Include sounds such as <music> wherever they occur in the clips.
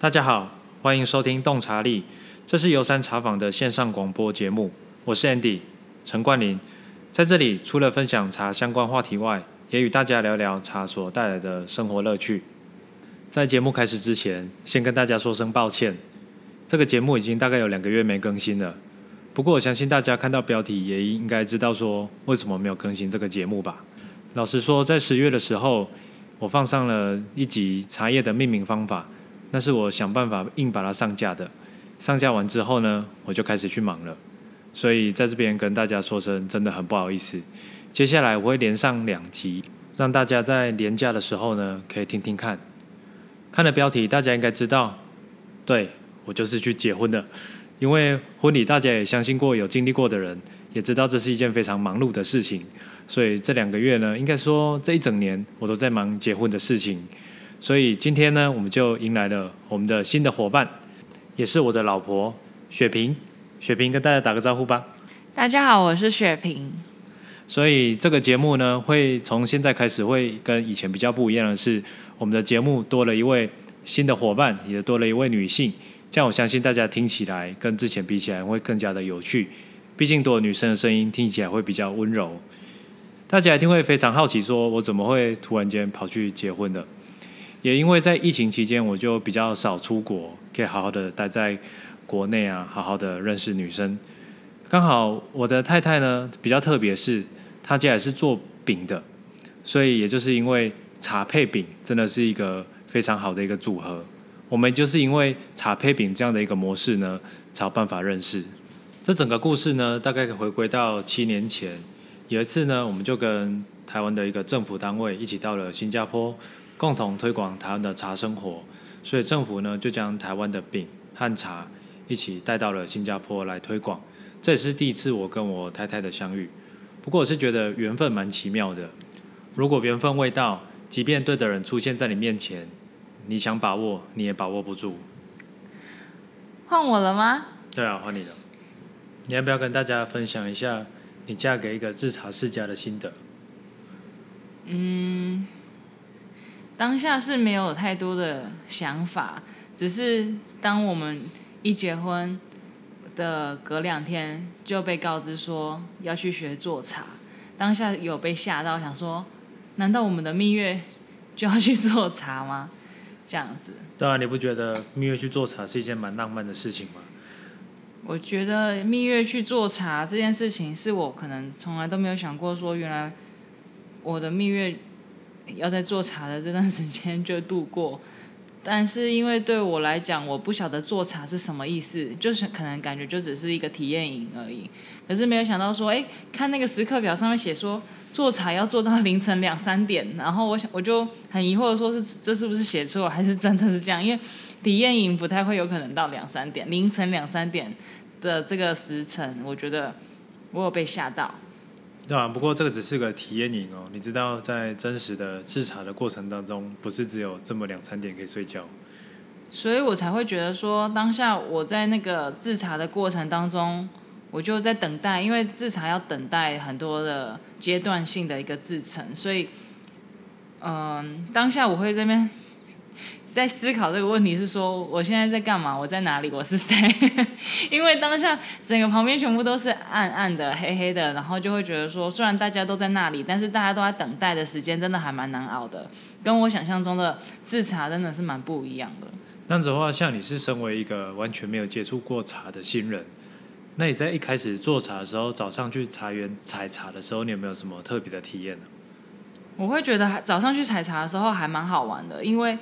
大家好，歡迎收聽《洞察力》，這是游山茶坊的線上廣播節目。我是 Andy 陳冠霖，在這裡除了分享茶相關話題外，也與大家聊聊茶所帶來的生活樂趣。在節目開始之前，先跟大家說聲抱歉，這個節目已經大概有兩個月沒更新了。不過我相信大家看到標題也應該知道說為什麼沒有更新這個節目吧。老實說，在十月的時候，我放上了一集茶葉的命名方法。那是我想辦法硬把它上架的，上架完之後呢，我就開始去忙了，所以在這邊跟大家說聲真的很不好意思。接下來我會連上兩集，讓大家在連假的時候呢，可以聽聽看。看了標題，大家應該知道對，對我就是去結婚的，因為婚禮大家也相信過有經歷過的人，也知道這是一件非常忙碌的事情，所以這兩個月呢，應該說這一整年我都在忙結婚的事情。所以今天呢，我們就迎來了我們的新的伙伴，也是我的老婆雪萍。雪萍跟大家打個招呼吧。大家好，我是雪萍。所以這個節目呢，會從現在開始會跟以前比較不一樣的是，我們的節目多了一位新的伙伴，也多了一位女性。這樣我相信大家聽起來跟之前比起來會更加的有趣。畢竟多了女生的聲音聽起來會比較溫柔，大家一定會非常好奇，說我怎麼會突然間跑去結婚的？也因為在疫情期間，我就比較少出國，可以好好的待在國內啊，好好的認識女生。剛好我的太太呢比較特別是，是她家也是做餅的，所以也就是因為茶配餅真的是一個非常好的一個組合。我們就是因為茶配餅這樣的一個模式呢，才有辦法認識。這整個故事呢，大概可回歸到七年前，有一次呢，我們就跟台灣的一個政府單位一起到了新加坡。共同推廣台灣的茶生活，所以政府呢就將台灣的餅和茶一起帶到了新加坡來推廣。這也是第一次我跟我太太的相遇，不過我是覺得緣分蠻奇妙的。如果緣分未到，即便對的人出現在你面前，你想把握你也把握不住。換我了嗎？對啊，換你了。你要不要跟大家分享一下你嫁給一個製茶世家的心得？嗯。當下是沒有太多的想法，只是當我們一結婚的隔兩天就被告知說要去學做茶，當下有被嚇到，想說難道我們的蜜月就要去做茶嗎？這樣子。對啊，你不覺得蜜月去做茶是一件蠻浪漫的事情嗎？我覺得蜜月去做茶這件事情是我可能從來都沒有想過，說原來我的蜜月。要在做茶的這段時間就度過。但是因為對我來講，我不曉得做茶是什麼意思，就是可能感覺就只是一個體驗營而已。可是沒有想到說，哎，看那個時刻表上面寫說做茶要做到凌晨兩三點，然後我想我就很疑惑，說是這是不是寫錯，還是真的是這樣？因為體驗營不太會有可能到兩三點，凌晨兩三點的這個時辰，我覺得我有被嚇到。對啊，不過這個只是個體驗哦。你知道，在真實的製茶的過程當中，不是只有這麼兩三點可以睡覺，所以我才會覺得說，當下我在那個製茶的過程當中，我就在等待，因為製茶要等待很多的階段性的一個製成，所以，嗯、呃，當下我會在這邊。在思考這個問題是說，我現在在幹嘛？我在哪裡？我是誰？ <laughs> 因為當下整個旁邊全部都是暗暗的、黑黑的，然後就會覺得說，雖然大家都在那裡，但是大家都在等待的時間真的還蠻難熬的。跟我想象中的製茶真的是蠻不一樣的。那樣子的話，像你是身為一個完全沒有接觸過茶的新人，那你在一開始做茶的時候，早上去茶園採茶的時候，你有沒有什麼特別的體驗呢？我會覺得早上去採茶的時候還蠻好玩的，因為。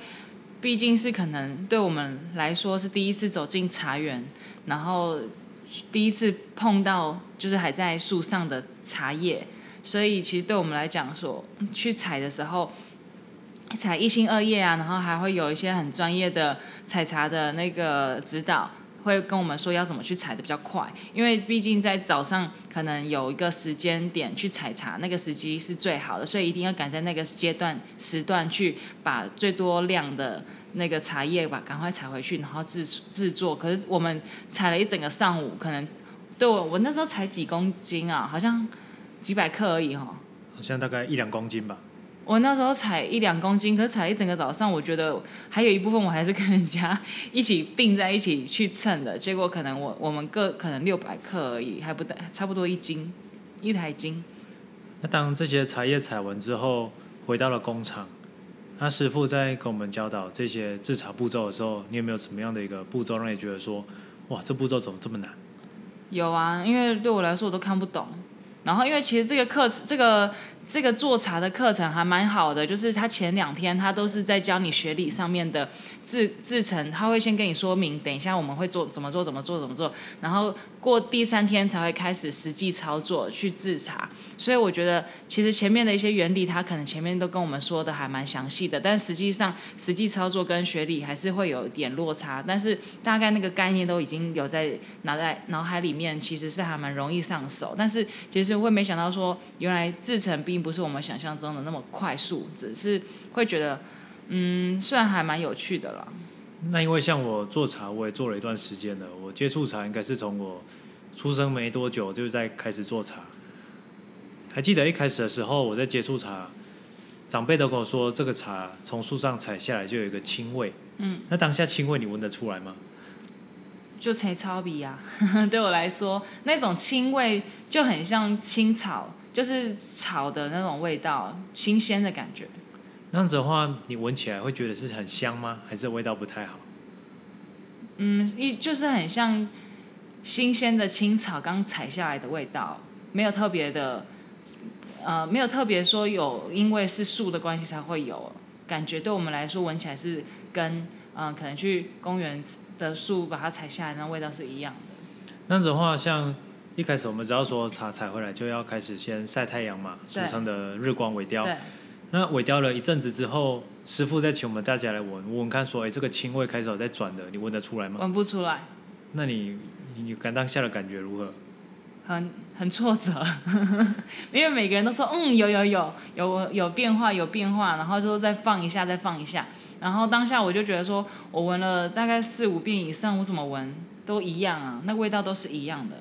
畢竟是可能對我們來說是第一次走進茶園，然後第一次碰到就是還在樹上的茶葉，所以其實對我們來講說，去採的時候，採一心二葉啊，然後還會有一些很專業的採茶的那個指導。會跟我們說要怎麼去採的比較快，因為畢竟在早上可能有一個時間點去採茶，那個時機是最好的，所以一定要趕在那個階段時段去把最多量的那個茶葉把，趕快採回去，然後製製作。可是我們採了一整個上午，可能對我我那時候採幾公斤啊？好像幾百克而已哈、哦，好像大概一兩公斤吧。我那時候採一兩公斤，可是採一整個早上。我覺得還有一部分，我還是跟人家一起併在一起去稱的。結果可能我我們各可能六百克而已，還不到，差不多一斤，一台斤。那當這些茶葉採完之後，回到了工廠，那師傅在跟我們教導這些制茶步驟的時候，你有沒有什麼樣的一個步驟讓你覺得說，哇，這步驟怎麼這麼難？有啊，因為對我來說我都看不懂。然後因為其實這個課這個。這個做茶的課程還蠻好的，就是他前兩天他都是在教你學理上面的制制程，他會先跟你說明，等一下我們會做怎麼做怎麼做怎麼做，然後過第三天才會開始實際操作去制茶，所以我覺得其實前面的一些原理，他可能前面都跟我們說的還蠻詳細的，但實際上實際操作跟學理還是會有一點落差，但是大概那個概念都已經有在腦袋腦海裡面，其實是還蠻容易上手，但是其實我會沒想到說原來制程比並不是我們想象中的那麼快速，只是會覺得，嗯，雖然還蠻有趣的啦。那因為像我做茶，我也做了一段時間了。我接觸茶應該是從我出生沒多久就在開始做茶。還記得一開始的時候，我在接觸茶，長輩都跟我說，這個茶從樹上採下來就有一個青味。嗯，那當下青味你聞得出來嗎？就青草皮呀，啊，對我來說，那種青味就很像青草。就是草的那種味道，新鮮的感覺。那樣子的話，你聞起來會覺得是很香嗎？還是味道不太好？嗯，一就是很像新鮮的青草剛採下來的味道，沒有特別的，呃，沒有特別說有，因為是樹的關係才會有感覺。對我們來說，聞起來是跟嗯、呃，可能去公園的樹把它採下來那味道是一樣的。那樣子的話，像。一開始我們只要說茶採回來就要開始先曬太陽嘛，俗稱的日光萎凋。那萎凋了一陣子之後，師傅再請我們大家來聞，聞看說，哎、欸，這個青味開始有在轉的，你聞得出來嗎？聞不出來。那你你剛當下的感覺如何？很很挫折， <laughs> 因為每個人都說，嗯，有有有有有變化有變化，然後就再放一下再放一下，然後當下我就覺得說，我聞了大概四五遍以上，我怎麼聞都一樣啊，那個味道都是一樣的。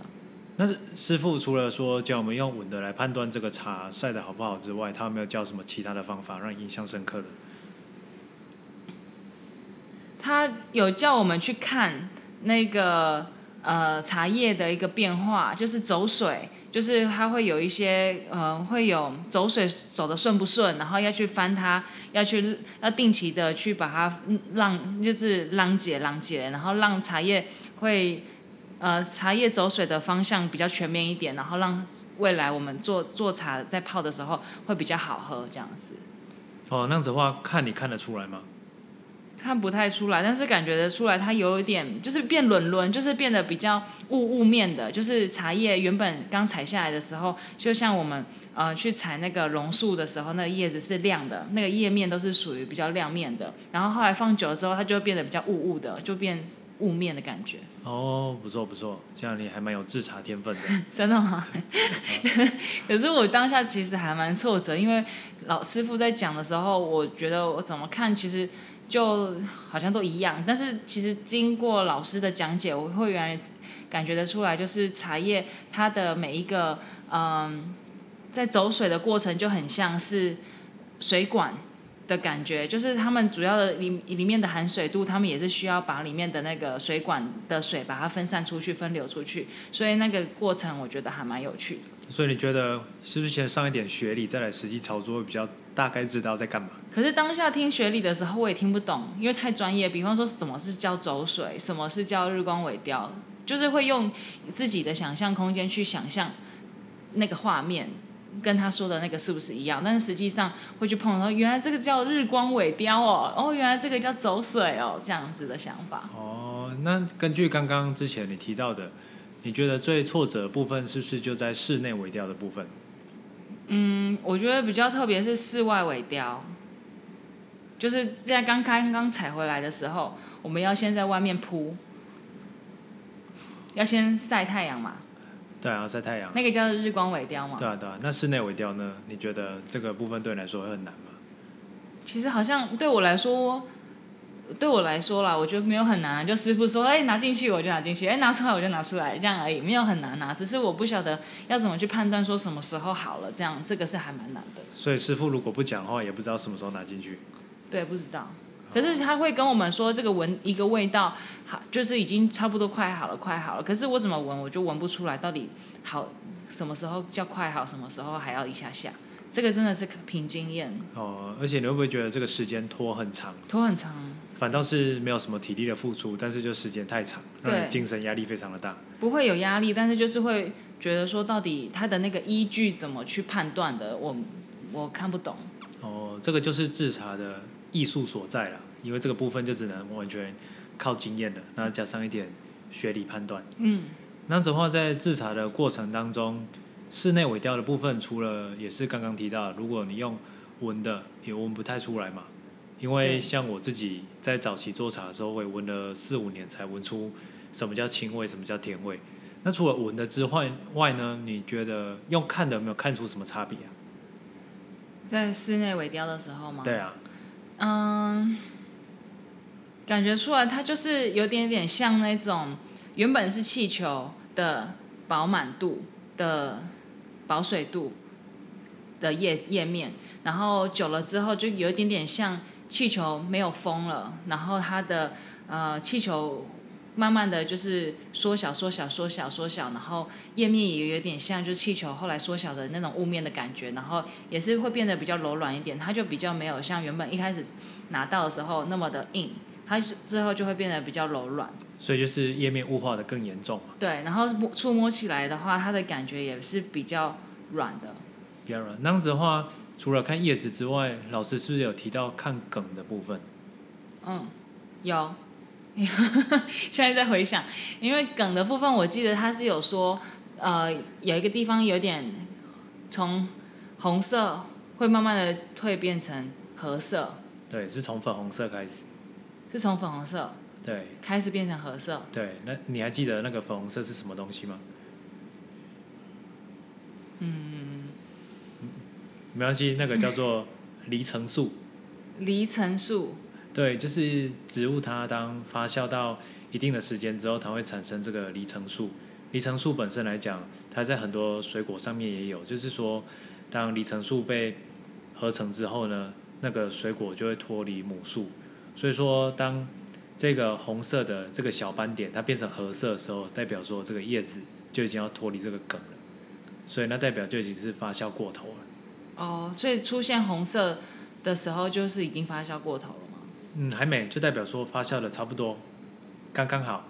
那師傅除了說叫我們用聞的來判斷這個茶曬的好不好之外，他有沒有教什麼其他的方法讓你印象深刻的？他有叫我們去看那個呃茶葉的一個變化，就是走水，就是它會有一些呃會有走水走的順不順，然後要去翻它，要去要定期的去把它讓就是浪菁浪菁、菁，然後讓茶葉會。呃，茶葉走水的方向比較全面一點，然後讓未來我們做做茶在泡的時候會比較好喝，這樣子。哦，那樣子的話，看你看得出來嗎？看不太出來，但是感覺得出來，它有一點就是變輪輪，就是變得比較霧霧面的。就是茶葉原本剛採下來的時候，就像我們呃去採那個榕樹的時候，那個葉子是亮的，那個葉面都是屬於比較亮面的。然後後來放久了之後，它就會變得比較霧霧的，就變霧面的感覺。哦，不錯不錯，這樣你還蠻有製茶天分的。 <laughs> 真的嗎？ <laughs> <laughs> <laughs> 可是我當下其實還蠻挫折，因為老師傅在講的時候，我覺得我怎麼看其實。就好像都一樣，但是其實經過老師的講解，我會原來感覺得出來，就是茶葉它的每一個嗯，在走水的過程就很像是水管的感覺，就是他們主要的裡裡面的含水度，他們也是需要把裡面的那個水管的水把它分散出去，分流出去，所以那個過程我覺得還蠻有趣的。所以你覺得是不是先上一點學理，再來實際操作會比較？大概知道在幹嘛。可是當下聽學理的時候，我也聽不懂，因為太專業。比方說，什麼是叫走水，什麼是叫日光尾雕，就是會用自己的想象空間去想象那個畫面，跟他說的那個是不是一樣？但是實際上會去碰，到，原來這個叫日光尾雕哦，哦，原來這個叫走水哦，這樣子的想法。哦，那根據剛剛之前你提到的，你覺得最挫折的部分是不是就在室內尾調的部分？嗯，我覺得比較特別是室外萎凋，就是在剛開剛採回來的時候，我們要先在外面鋪，要先曬太陽嘛。對啊，曬太陽。那個叫日光萎凋嘛。對啊，對啊。那室內萎凋呢？你覺得這個部分對你來說會很難嗎？其實好像對我來說。對我來說啦，我覺得沒有很難。就師傅說：“哎，拿進去我就拿進去，哎，拿出來我就拿出來，這樣而已，沒有很難拿，啊。只是我不曉得要怎麼去判斷，說什麼時候好了，這樣這個是還蠻難的。”所以師傅如果不講話，也不知道什麼時候拿進去。對，不知道。可是他會跟我們說這個聞一個味道好，就是已經差不多快好了，快好了。可是我怎麼聞，我就聞不出來到底好什麼時候叫快好，什麼時候還要一下下。這個真的是憑經驗哦。而且你會不會覺得這個時間拖很長？拖很長。反倒是沒有什麼體力的付出，但是就時間太長，讓你精神壓力非常的大。不會有壓力，但是就是會覺得說，到底他的那個依據怎麼去判斷的，我我看不懂。哦，這個就是製茶的藝術所在了，因為這個部分就只能完全靠經驗的，那加上一點學理判斷。嗯，那的話在製茶的過程當中，室內萎凋的部分，除了也是剛剛提到，如果你用聞的，也聞不太出來嘛。因為像我自己在早期做茶的時候，我也聞了四五年才聞出什麼叫青味，什麼叫甜味。那除了聞的之外，外呢，你覺得用看的有沒有看出什麼差別啊？在室內萎凋的時候嗎？對啊，嗯、uh，感覺出來它就是有點點像那種原本是氣球的飽滿度的保水度的葉葉面，然後久了之後就有一點點像。氣球沒有風了，然後它的呃氣球慢慢的就是縮小、縮小、縮小、縮小，然後葉面也有點像，就是氣球後來縮小的那種霧面的感覺，然後也是會變得比較柔軟一點，它就比較沒有像原本一開始拿到的時候那麼的硬，它之後就會變得比較柔軟。所以就是葉面霧化的更嚴重嘛？對，然後觸摸起來的話，它的感覺也是比較軟的。比較軟，那樣子的話。除了看葉子之外，老師是不是有提到看梗的部分？嗯，有。有現在在回想，因為梗的部分，我記得他是有說，呃，有一個地方有點從紅色會慢慢的褪變成褐色。對，是從粉紅色開始，是從粉紅色對開始變成褐色。對，那你還記得那個粉紅色是什麼東西嗎？嗯。沒關係，那個叫做離層素。離層素。對，就是植物它當發酵到一定的時間之後，它會產生這個離層素。離層素本身來講，它在很多水果上面也有。就是說，當離層素被合成之後呢，那個水果就會脫離母樹。所以說，當這個紅色的這個小斑點它變成褐色的時候，代表說這個葉子就已經要脫離這個梗了。所以那代表就已經是發酵過頭了。哦、oh，所以出現紅色的時候，就是已經發酵過頭了嗎？嗯，還沒，就代表說發酵的差不多，剛剛好。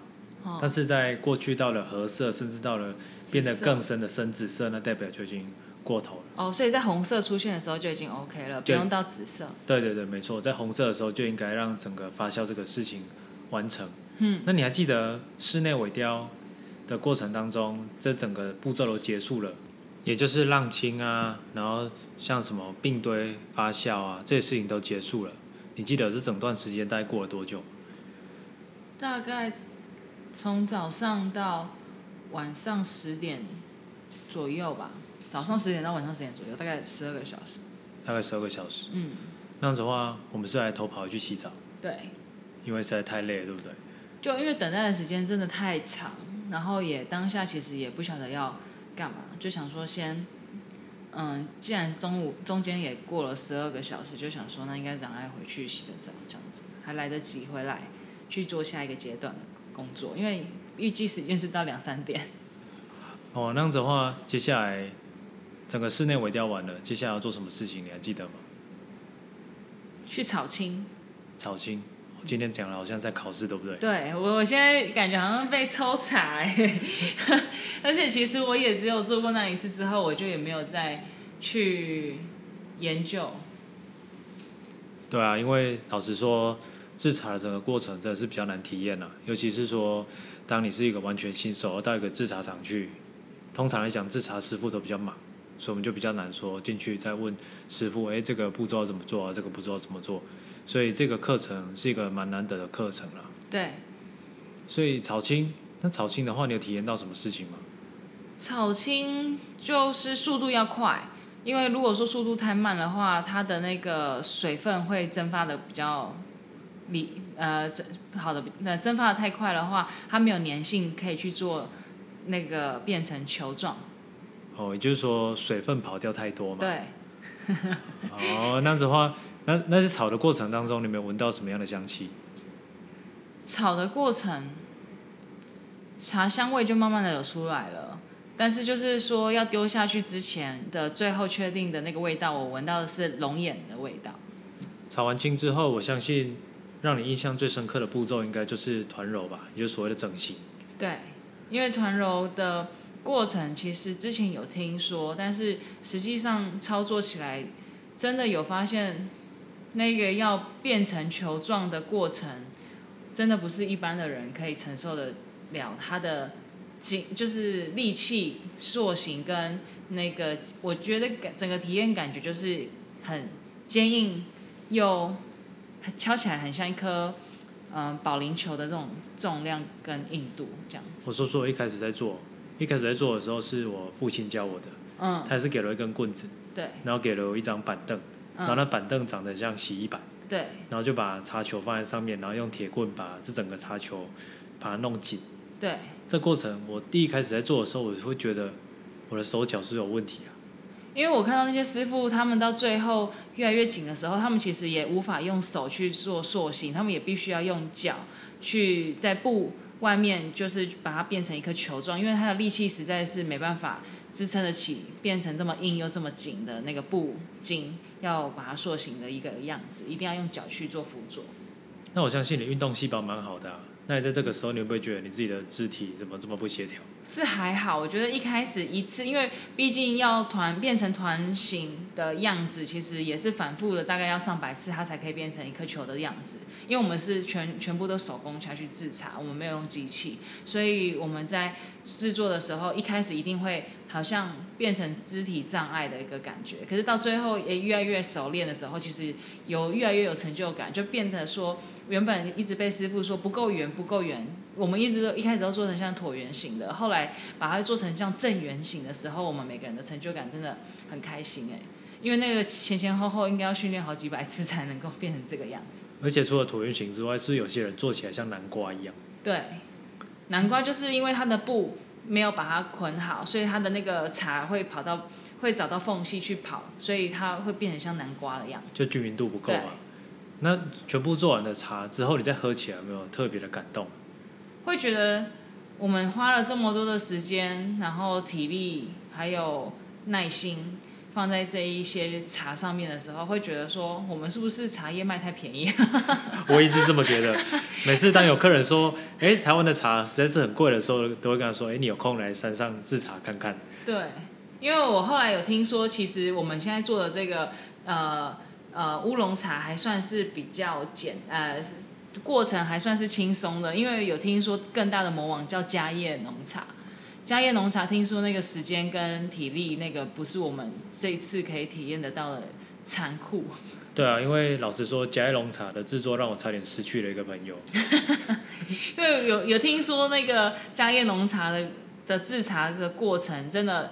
Oh. 但是在過去到了褐色，甚至到了變得更深的深紫色、紫色，那代表就已經過頭了。哦、oh，所以在紅色出現的時候就已經 OK 了，不用到紫色。對對對，沒錯，在紅色的時候就應該讓整個發酵這個事情完成。嗯，那你還記得室內萎凋的過程當中，這整個步驟都結束了。也就是浪菁啊，然後像什麼病堆發酵啊，這些事情都結束了。你記得這整段時間大概過了多久？大概從早上到晚上十點左右吧，早上十點到晚上十點左右，大概十二個小時。大概十二個小時，嗯。那樣子的話，我們是來偷跑去洗澡。對。因為實在太累了，對不對？就因為等待的時間真的太長，然後也當下其實也不曉得要。幹嘛？就想說先，嗯，既然中午中間也過了十二個小時，就想說那應該讓愛回去洗個澡，這樣子還來得及回來去做下一個階段的工作，因為預計時間是到兩三點。哦，那樣子的話，接下來整個室內萎凋完了，接下來要做什麼事情？你還記得嗎？去草青。草青。今天講了，好像在考試，對不對？對，我我現在感覺好像被抽查，欸， <laughs> 而且其實我也只有做過那一次之後，我就也沒有再去研究。對啊，因為老實說，制茶整個過程真的是比較難體驗吶，啊，尤其是說，當你是一個完全新手，要到一個制茶廠去，通常來講，制茶師傅都比較忙，所以我們就比較難說進去再問師傅，哎，這個步驟要怎麼做啊？這個步驟要怎麼做？所以這個課程是一個蠻難得的課程了。對。所以炒青，那炒青的話，你有體驗到什麼事情嗎？炒青就是速度要快，因為如果說速度太慢的話，它的那個水分會蒸發的比較離呃，蒸好的那蒸發的太快的話，它沒有粘性，可以去做那個變成球狀。哦，也就是說水分跑掉太多嘛？對。 <laughs> 哦，那樣子的話。那那是炒的過程當中，你們有沒有聞到什麼樣的香氣？炒的過程，茶香味就慢慢的有出來了。但是就是說要丟下去之前的最後確定的那個味道，我聞到的是龍眼的味道。炒完青之後，我相信讓你印象最深刻的步驟應該就是團揉吧，也就是所謂的整形。對，因為團揉的過程其實之前有聽說，但是實際上操作起來真的有發現。那個要變成球狀的過程，真的不是一般的人可以承受得了。它的就是力氣、塑形跟那個，我覺得整個體驗感覺就是很堅硬，又敲起來很像一顆、呃、保齡球的這種重量跟硬度這樣子。我說說，我一開始在做，一開始在做的時候是我父親教我的，嗯，他是給了一根棍子，對，然後給了我一張板凳。然後那板凳長得像洗衣板，嗯、對，然後就把茶球放在上面，然後用鐵棍把這整個茶球把它弄緊。對，這過程我第一開始在做的時候，我會覺得我的手腳是有問題啊。因為我看到那些師傅他們到最後越來越緊的時候，他們其實也無法用手去做塑形，他們也必須要用腳去在布外面就是把它變成一顆球狀，因為他的力氣實在是沒辦法支撐得起變成這麼硬又這麼緊的那個布巾。要把它塑形的一個樣子，一定要用腳去做輔助。那我相信你的運動細胞蠻好的啊。那你在這個時候，你會不會覺得你自己的肢體怎麼這麼不協調？是還好，我覺得一開始一次，因為畢竟要團變成團形的樣子，其實也是反覆的，大概要上百次，它才可以變成一顆球的樣子。因為我們是全全部都手工下去製茶，我們沒有用機器，所以我們在制作的時候，一開始一定會好像變成肢體障礙的一個感覺。可是到最後也越來越熟練的時候，其實有越來越有成就感，就變得說。原本一直被師傅說不夠圓，不夠圓。我們一直都一開始都做成像橢圓形的，後來把它做成像正圓形的時候，我們每個人的成就感真的很開心哎、欸。因為那個前前後後應該要訓練好幾百次才能夠變成這個樣子。而且除了橢圓形之外，是有些人做起來像南瓜一樣。對，南瓜就是因為它的布沒有把它捆好，所以它的那個茶會跑到，會找到縫隙去跑，所以它會變成像南瓜的樣子。就均勻度不夠啊。那全部做完的茶之後，你再喝起來有沒有特別的感動？會覺得我們花了這麼多的時間，然後體力還有耐心放在這一些茶上面的時候，會覺得說我們是不是茶葉賣太便宜了？ <laughs> 我一直這麼覺得。每次當有客人說“哎、欸，台灣的茶實在是很貴”的時候，都會跟他說：“哎、欸，你有空來山上製茶看看。”對，因為我後來有聽說，其實我們現在做的這個呃。呃，烏龍茶還算是比較簡，呃，過程還算是輕鬆的，因為有聽說更大的魔王叫家業農茶，家業農茶聽說那個時間跟體力那個不是我們這一次可以體驗得到的殘酷。對啊，因為老實說，家業農茶的製作讓我差點失去了一個朋友。因為 <laughs> 有有聽說那個家業農茶的的製茶的過程真的。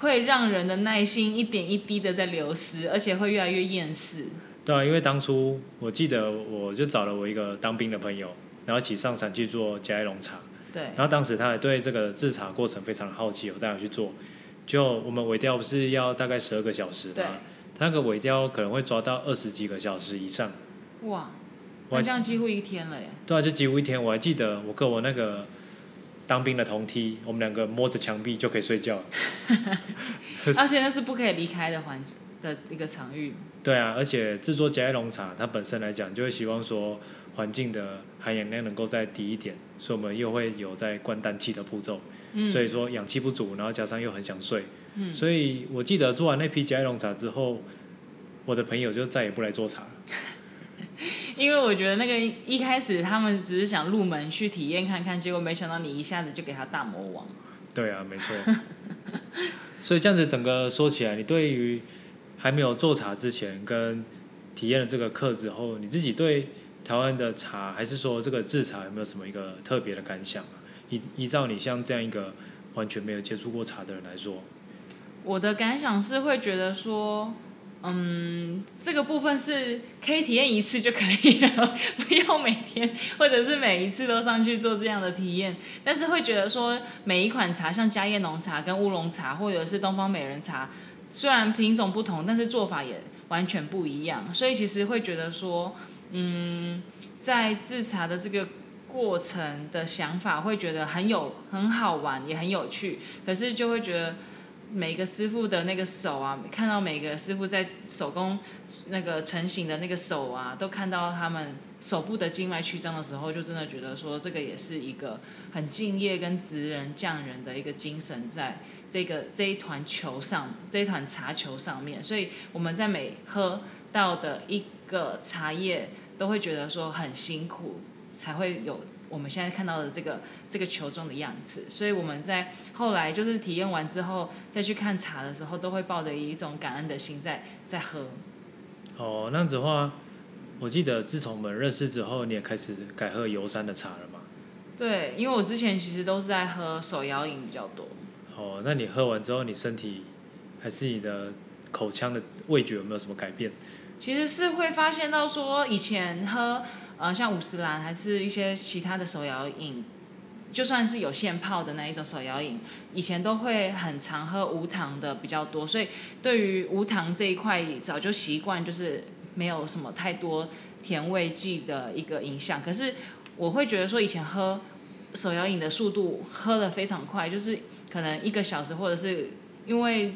會讓人的耐心一點一滴的在流失，而且會越來越厭世。對啊，因為當初我記得，我就找了我一個當兵的朋友，然後一起上山去做佳葉龍茶。對，然後當時他也對這個制茶過程非常好奇，我帶他去做。就我們萎凋不是要大概十二個小時嗎？他那個萎凋可能會抓到二十幾個小時以上。哇，好像幾乎一天了耶。對啊，就幾乎一天。我還記得我跟我那個。當兵的同梯，我們兩個摸着牆壁就可以睡覺。 <laughs> <laughs> 而且那是不可以離開的環境的一個場域。對啊，而且制作佳葉龍茶，它本身來講就會希望說環境的含氧量能夠再低一點，所以我們又會有在灌氮氣的步驟，嗯。所以說氧氣不足，然後加上又很想睡，嗯、所以我記得做完那批佳葉龍茶之後，我的朋友就再也不來做茶因為我覺得那個一開始他們只是想入門去體驗看看，結果沒想到你一下子就給他大魔王。對啊，沒錯。 <laughs> 所以這樣子整個說起來，你對於還沒有做茶之前跟體驗了這個課之後，你自己對台灣的茶還是說這個製茶有沒有什麼一個特別的感想啊？依依照你像這樣一個完全沒有接觸過茶的人來說，我的感想是會覺得說。嗯，這個部分是可以體驗一次就可以了，不用每天或者是每一次都上去做這樣的體驗。但是會覺得說，每一款茶，像佳葉龍茶跟烏龍茶，或者是東方美人茶，雖然品種不同，但是做法也完全不一樣。所以其實會覺得說，嗯，在制茶的這個過程的想法，會覺得很有很好玩，也很有趣。可是就會覺得。每個師傅的那個手啊，看到每個師傅在手工那個成型的那個手啊，都看到他們手部的靜脈曲張的時候，就真的覺得說，這個也是一個很敬業跟職人匠人的一個精神，在這個這一團球上，這一團茶球上面，所以我們在每喝到的一個茶葉，都會覺得說很辛苦才會有。我們現在看到的這個這個球狀的樣子，所以我們在後來就是體驗完之後，再去看茶的時候，都會抱着一種感恩的心在在喝。哦，那樣子的話，我記得自從我們認識之後，你也開始改喝游山的茶了嘛？對，因為我之前其實都是在喝手搖飲比較多。哦，那你喝完之後，你身體還是你的口腔的味覺有沒有什麼改變？其實是會發現到說以前喝。啊、呃，像五十嵐還是一些其他的手搖飲，就算是有現泡的那一種手搖飲，以前都會很常喝無糖的比較多，所以對於無糖這一塊早就習慣，就是沒有什麼太多甜味劑的一個影響。可是我會覺得說，以前喝手搖飲的速度喝得非常快，就是可能一個小時，或者是因為。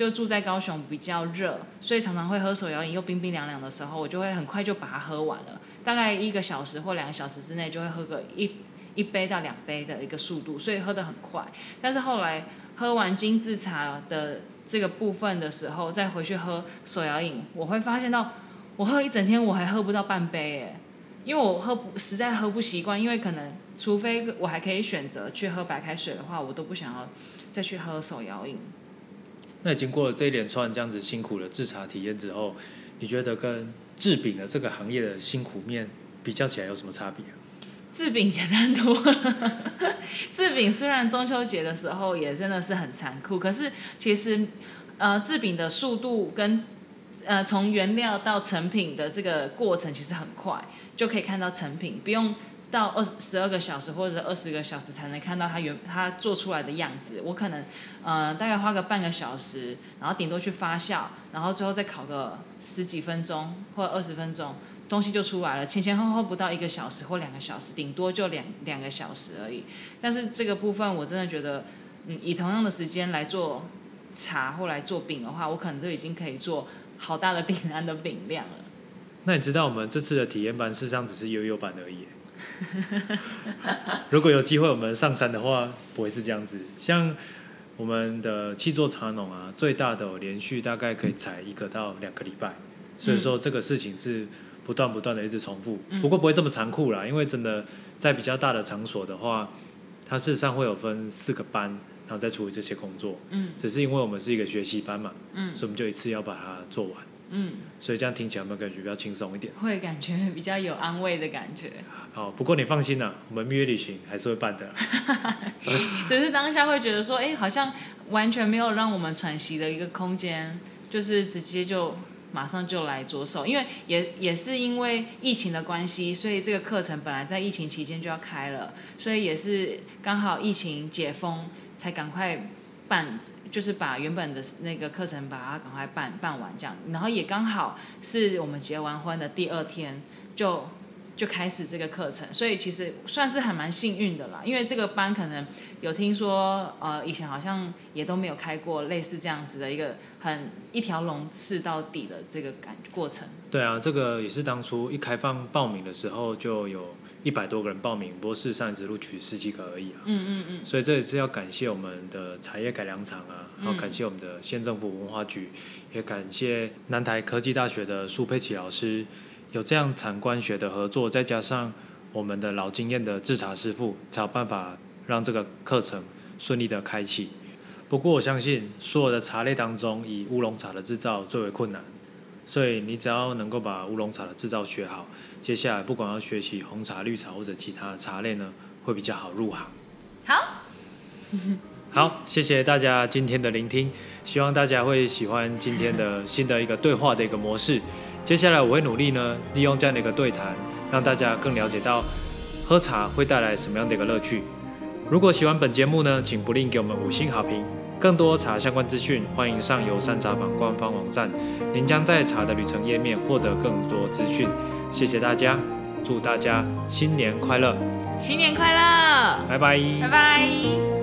就住在高雄，比較熱，所以常常會喝手搖飲，又冰冰涼涼的時候，我就會很快就把它喝完了，大概一個小時或兩個小時之內就會喝個一一杯到兩杯的一個速度，所以喝得很快。但是後來喝完精致茶的這個部分的時候，再回去喝手搖飲，我會發現到我喝了一整天我還喝不到半杯耶、欸，因為我喝不實在喝不習慣，因為可能除非我還可以選擇去喝白開水的話，我都不想要再去喝手搖飲。那經過了這一連串這樣子辛苦的製茶體驗之後，你覺得跟製餅的這個行業的辛苦面比較起來有什麼差別？製餅簡單多呵呵。製餅雖然中秋節的時候也真的是很殘酷，可是其實呃製餅的速度跟呃從原料到成品的這個過程其實很快，就可以看到成品，不用。到二十，十二個小時或者二十個小時才能看到它原它做出來的樣子。我可能，嗯，呃，大概花個半個小時，然後頂多去發酵，然後最後再烤個十幾分鐘或者二十分鐘，東西就出來了。前前後後不到一個小時或兩個小時，頂多就兩兩個小時而已。但是這個部分我真的覺得，嗯，以同樣的時間來做茶或來做餅的話，我可能都已經可以做好大的餅，大的餅量了。那你知道我們這次的體驗班事實上只是悠悠版而已。 <laughs> 如果有機會我們上山的話，不會是這樣子。像我們的契作茶農啊，最大的連續大概可以採一個到兩個禮拜，所以說這個事情是不斷不斷的一直重複。不過不會這麼殘酷啦，因為真的在比較大的場所的話，它事實上會有分四個班，然後再處理這些工作。嗯，只是因為我們是一個學習班嘛，嗯，所以我們就一次要把它做完。嗯，所以這樣聽起來有沒有感覺比較輕鬆一點？會感覺比較有安慰的感覺。好，不過你放心了，啊、我們蜜月旅行還是會辦的，啊。 <laughs> 只是當下會覺得說，哎、欸，好像完全沒有讓我們喘息的一個空間，就是直接就馬上就來着手。因為也也是因為疫情的關係，所以這個課程本來在疫情期間就要開了，所以也是剛好疫情解封才趕快。辦，就是把原本的那個課程把它趕快辦辦完這樣，然後也剛好是我們結完婚的第二天就就開始這個課程，所以其實算是還蠻幸運的啦。因為這個班可能有聽說，呃，以前好像也都沒有開過類似這樣子的一個很一條龍製到底的這個感過程。對啊，這個也是當初一開放報名的時候就有一百多個人報名，不過事實上只錄取十幾個而已。啊、嗯嗯嗯。所以這也是要感謝我們的茶葉改良場啊，然後感謝我們的縣政府文化局，嗯，也感謝南台科技大學的蘇佩奇老師，有這樣產官學的合作，嗯，再加上我們的老經驗的制茶師傅，才有辦法讓這個課程順利的開啟。不過我相信，所有的茶類當中，以烏龍茶的制造最為困難。所以你只要能夠把烏龍茶的製造學好，接下來不管要學習紅茶、綠茶或者其他茶類呢，會比較好入行。好，好，謝謝大家今天的聆聽，希望大家會喜歡今天的新的一個對話的一個模式。接下來我會努力呢，利用這樣的一個對談，讓大家更了解到喝茶會帶來什麼樣的一個樂趣。如果喜歡本節目呢，請不吝給我們五星好評。更多茶相關資訊，歡迎上游山茶坊官方網站，您將在茶的旅程頁面獲得更多資訊。謝謝大家，祝大家新年快樂！新年快樂！拜拜！拜拜！